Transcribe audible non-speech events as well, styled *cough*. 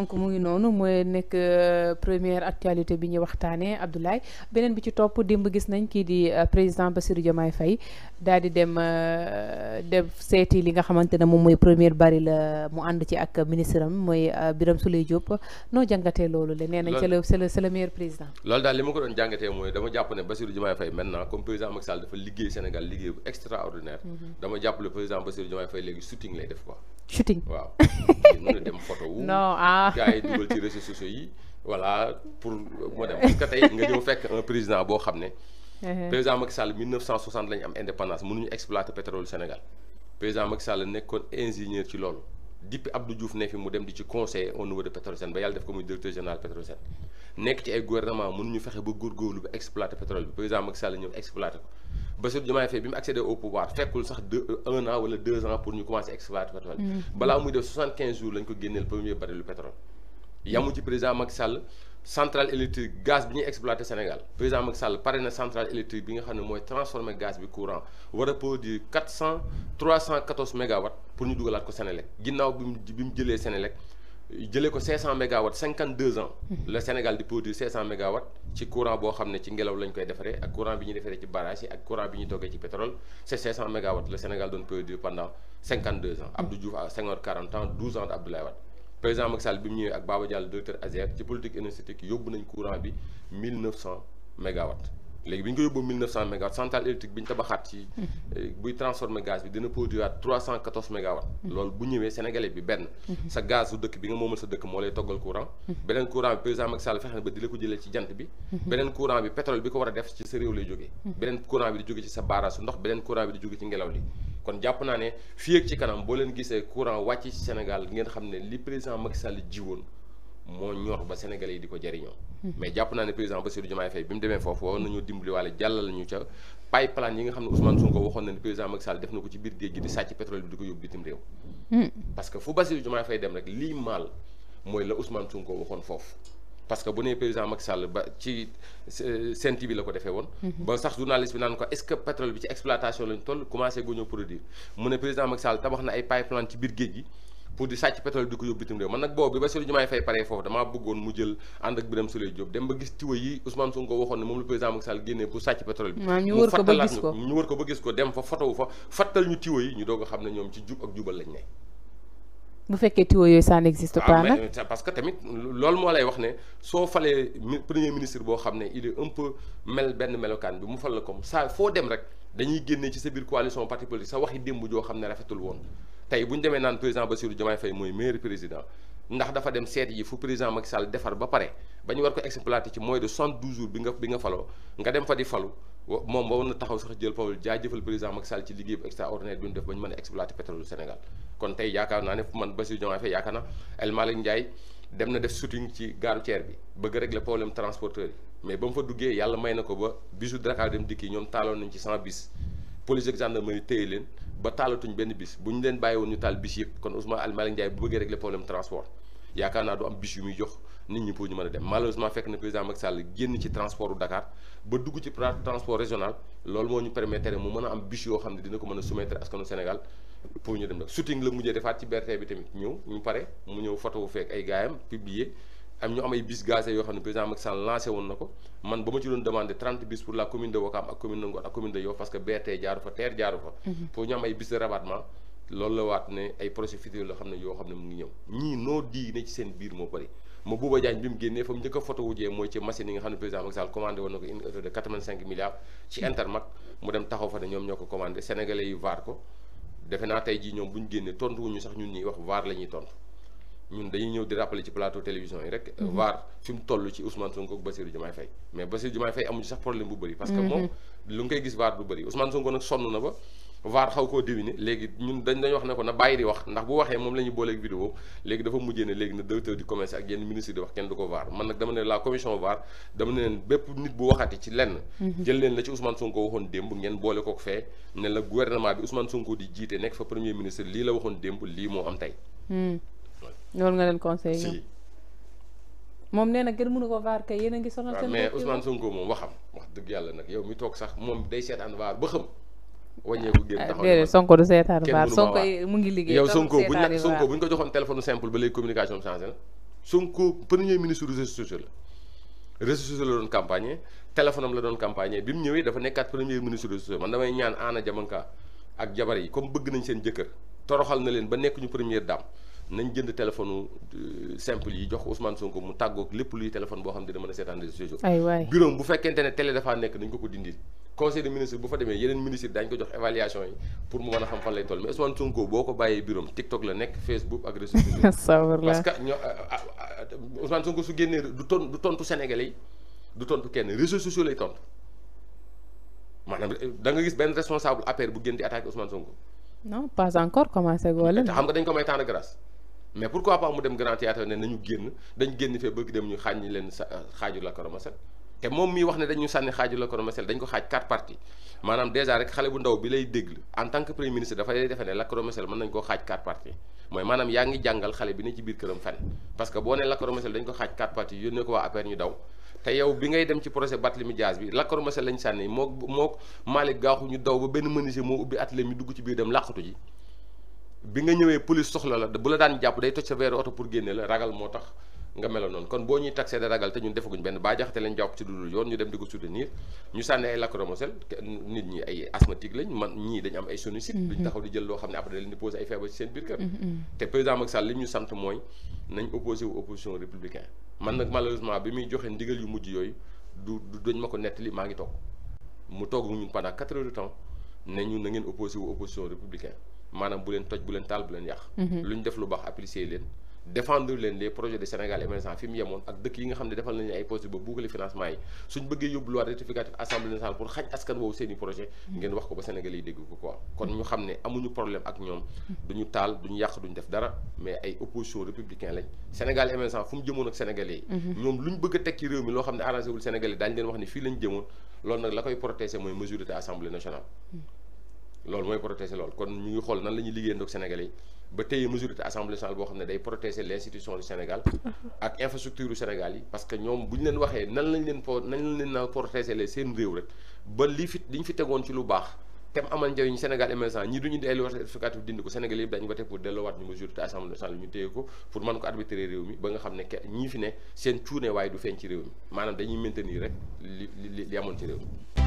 donc mu ngi noonu mooy nekk euh, première actualité bi ñuy waxtaanee Abdoulaye beneen bi ci topp démb gis nañ kii di euh, président Bassirou Diomaye fay daal di dem euh, dem seeti li nga xamante ne moom mooy première bari la mu ànd ci ak ministre am mooy Birame Souleye Diop noo jàngatee loolu la nee nañ c'est le c'est le c'est le meilleur président daal li ma ko doon jàngatee mooy dama jàpp ne Bassirou Diomaye Faye maintenant comme président Macky Sall dafa liggéey Sénégal liggéey mm-hmm. léegi shooting lay def shooting waaw *laughs* mën a dem photo wu non ah gars yi dugal ci réseaux sociaux yi voilà pour moo dem parce que tey nga ñëw fekk un président boo xam ne uh-huh. président Macky Sall 1960 la ñu am indépendance mënuñu exploiter pétrole Sénégal président Macky Sall nekkoon ingénieur ci loolu depuis Abdou Diouf ne fi mu dem di ci conseiller au niveau de Petrosen ba yàlla def ko muy directeur général Petrosen nekk ci ay gouvernement mënuñu fexe ba góorgóorlu ba exploiter Bassirou Diomaye Faye bi mu accédé au pouvoir fekkul sax deux euh, un an wala deux ans pour ñu commencer excavater pétrole mm. balaa muy def soixante quinze jours lañ ko génneel premier baril pétrole yamu ci président Macky Sall centrale électrique gaz bi ñuy exploité Sénégal président Macky Sall pare na centrale électrique bi nga xam ne mooy transformer gaz bi courant war a produire quatre cent trois cent quatorze mégawatts pour ñu dugalaat ko Sénélec ginnaaw Il a ko 500 MW, 52 ans. le Sénégal a produire 500 mégawatts le courant boo a fait, ci ngelaw lañ koy defaree le courant bi ñu defaree ci barrage Si le courant bi ñu toggee ci pétrole c'est 500 mégawatts le Sénégal a produire pendant 52 ans. Abdou Diouf 5 ans, 40 ans 12 ans d'Abdoulaye Wade président Macky a le mu ñëwee ak Baba a directeur ASER ci politique énergétique a nañ courant 1900 MW. léegi bi ñu ko yóbbu 1900 mégawatts centrale électrique bi ñu tabaxaat mhm. eh, buy transformer gaz bi dina produiraat 314 mégawatts. Mhm. loolu bu ñëwee sénégalais bi benn. Mhm. sa gaz su dëkk bi nga moomal sa dëkk moo lay toggal courant. beneen courant bi président Macky Sall fexe na ba di la ko jëlee ci jant bi. beneen courant bi pétrole bi ko war a def ci sa réew lay jógee. beneen courant bi di jóge ci sa barrage ndox beneen courant bi di jóge ci ngelaw li. kon jàpp naa ne kanam boo leen gisee courant wàcc ci Sénégal ngeen xam ne li président Macky Sall moo ñor ba Sénégalais yi di ko jariñoo hmm. mais jàpp naa ne président Bassirou Diomaye Faye bi mu demee foofu waroon nañu dimbaliwaale jàllal ñu ca pipeline yi nga xam ne Ousmane Sonko waxoon na ne président Macky Sall def na ko ci biir géej gi di sàcc pétrole bi di ko yóbbu bitim réew hmm. parce que fu Bassirou Diomaye Faye dem rek lii maal mooy la Ousmane Sonko waxoon foofu parce que bu nee président Macky ci Sen la ko defee woon. Hmm. ba sax journaliste bi naan ko est biir pour di sàcc pétrole di ko yóbbu bitim réew man nag boobu bi Bassirou Diomaye Faye paree foofu damaa bëggoon mu jël ànd ak Birame Souleye Diop dem ba gis tiwa yi Ousmane Sonko waxoon ne moom la ñu wër a ñoom bu fekkee tiwo yooyu ça n'existe ah, pas parce que tamit loolu moo lay wax ne soo falee premier ministre boo xam ne il est un peu mel benn melokaan bi mu fal la comme saa foo dem rek dañuy génnee ci sa biir coalition parti politique sa waxi démb joo xam ne rafetul woon tey bu ñu demee naan président Bassirou Diomaye Faye mooy meilleur président ndax dafa dem seet yi fu président Macky defar ba pare ba ñu war ko exploité ci moins de 72 jours bi nga bi nga faloo nga dem fa di falu moom ba war na taxaw sax jël parole jaajëfal président Macky Sall ci liggéey bu extraordinaire bi ñu def ba ñu mën a exploité pétrole Sénégal kon tey yaakaar naa ne man Bassirou Diomaye Faye yaakaar na El Malick dem na def shooting ci gaaru ceer bi bëgg régler problème transporteur yi mais ba duggee yàlla may na ko ba bisu Dakar dem dikki ñoom taaloon nañ ci 100 police ak gendarmerie téye leen ba taalatuñ benn bis bu ñu leen bàyyi woon ñu taal bis yëpp kon Ousmane Al Malick Ndiaye bu bëggee régler problème transport yaakaar naa du am bis yu muy jox nit ñi pour ñu mën a dem malheureusement fekk na président Macky Sall génn ci transport u Dakar ba dugg ci transport régional loolu moo ñu permettre mu mën a am bis yoo xam ne dina ko mën a soumettre askanu Sénégal pour ñu dem nag shooting la mujjee defaat ci BRT bi tamit ñëw ñu pare am ñu am ay bus gazé yoo xam ne président Macky ci doon demandé mhm. mu a photo wujjee mooy ci machine yi nga xam ne président Macky Sall commandé woon mhm. dem taxaw fa ne ñoom ñoo ko commandé sénégalais yi vaar ko defe naa tey jii ñoom bu ñu génnee tontu sax ñun ñuy wax vaar la tontu ñun dañuy ñëw di rappeler ci plateau télévision yi rek. waar mhm. euh, fi mu toll ci Ousmane Sonko ak Bassirou Diomaye Faye mais Bassirou Diomaye Faye amuñu sax problème bu bëri. parce que mhm. moom lu nga koy gis waar du bëri Ousmane Sonko nag sonn na ba. vaar xaw koo diwini léegi ñun dañ dañ wax ne ko na bàyyi di wax ndax bu waxee moom la ñuy booleeg vidéo léegi dafa mujjee ne léegi na directeur du commerce ak yenn ministre di wax kenn du ko vaar man nag dama la commission vaar loolu nga leen conseillé ñoom. moom nee na kenn mënu ko vaar kay yéen a ngi sonal ah, seen mais Ousmane Sonko moom waxam wax dëgg yàlla nag yow mi toog sax moom day seetaan vaar ba xam. wàññeeku génn taxaw déedéet Sonko du mu ngi liggéey yow Sonko bu ñu Sonko bu ñu ko joxoon téléphone simple ba léegi communication bi changé Sonko premier ministre réseaux sociaux la réseaux sociaux la doon campagne téléphone la doon campagne bi mu ñëwee dafa nekkaat premier ministre réseaux sociaux man damay ñaan Anna Diamanka ak jabar yi comme bëgg nañ seen jëkkër toroxal na leen ba nekk ñu première nañ jënd téléphone euh, simple yi jox Ousmane Sonko mu tàggoog lépp luy téléphone boo xam ne dina mën a seetaan réseaux sociaux bureau bu fekkente ne télé dafaa nekk nañ ko ko dindil conseil des ministres bu fa demee yeneen ministre daañu ko jox évaluation yi pour mu mën a xam fan lay toll mais Ousmane Sonko *laughs* euh, euh, du ton du kenn réseaux sociaux lay tontu maanaam da nga benn responsable APR bu gën di attaqué Ousmane Sonko non pas encore commencé goole te xam nga dañ ko may temps de mais pourquoi pas mu dem grand théâtre ne nañu génn dañ génn fee bëgg dem ñu xàññi leen euh, xaaju la Coromacel te moom miy wax ne dañu sànni xaaju la Coromacel dañ ko xaaj quatre parties maanaam déjà rek xale bu ndaw bi lay déglu en tant que premier ministre dafa lay defe ne la Coromacel mën nañ koo xaaj quatre parties mooy maanaam yaa ngi jàngal xale bi ne ci biir këram fen parce que boo ne la Coromacel dañ ko xaaj quatre parties yónnee ko waa APR ñu daw ci projet Barthélémy Dias bi la bi nga ñëwee police soxla la bu la daan jàpp day toj sa weeru oto pour génne la ragal moo tax nga meloon noonu kon boo ñuy taxé da ragal te ñun defaguñ benn baa jaxate lañ jàpp ci dudul yoon ñu dem di ko soutenir ñu sànni ay lacrymogène nit ñi ay asthmatique lañ man ñii dañ am ay sinusite mm-hmm. duñ taxaw di jël loo xam ne après da leen di posé ay feebar ci seen biir kër mm-hmm. te président Macky Sall li ñu sant mooy nañ opposé man nag malheureusement bi muy joxe ndigal yu mujj yooyu du duñ ma ko nettali maa ngi toog mu toog ñun pendant quatre heures de na ngeen opposé wu opposition républicain maanaam bu leen toj bu leen taal bu leen yàq. Mhm. lu ñu def lu baax apprécier leen. défendre leen les de Sénégal émergent fi mu yemoon ak dëkk yi nga xam ne defal nañu ay postes ba boucler mhm. ko ba mhm. ñu def dara mais ay opposition républicain lañ Sénégal émergent fu mu jëmoon ak Sénégalais yi ñoom luñ bëgg a teg ci réew mi loo xam ne arrangé wul Sénégalais leen wax ne fii lañ jëmoon loolu nag la koy protéger mooy majorité assemblée nationale loolu mooy protéger lool kon ñu ngi xool nan la ñuy liggéeyandoo ak Sénégalais yi ba tey majorité assemblée nationale boo xam ne day protéger l' institution du Sénégal ak infrastructure du Sénégal yi parce que ñoom bu ñu leen waxee nan lañ leen po nan lañ leen protéger les seen réew rek ba li fi li ñu fi tegoon ci lu baax te mu amal njëriñ Sénégal émergent ñi duñu dellu waat rectificatif dindi ko Sénégal yëpp dañu voté pour delloowaat ñu majorité assemblée nationale ñu téye ko pour mën ko arbitrer réew mi ba nga xam ne ke ñii fi ne seen cuune waaye du feeñ ci réew mi maanaam dañuy rek li li li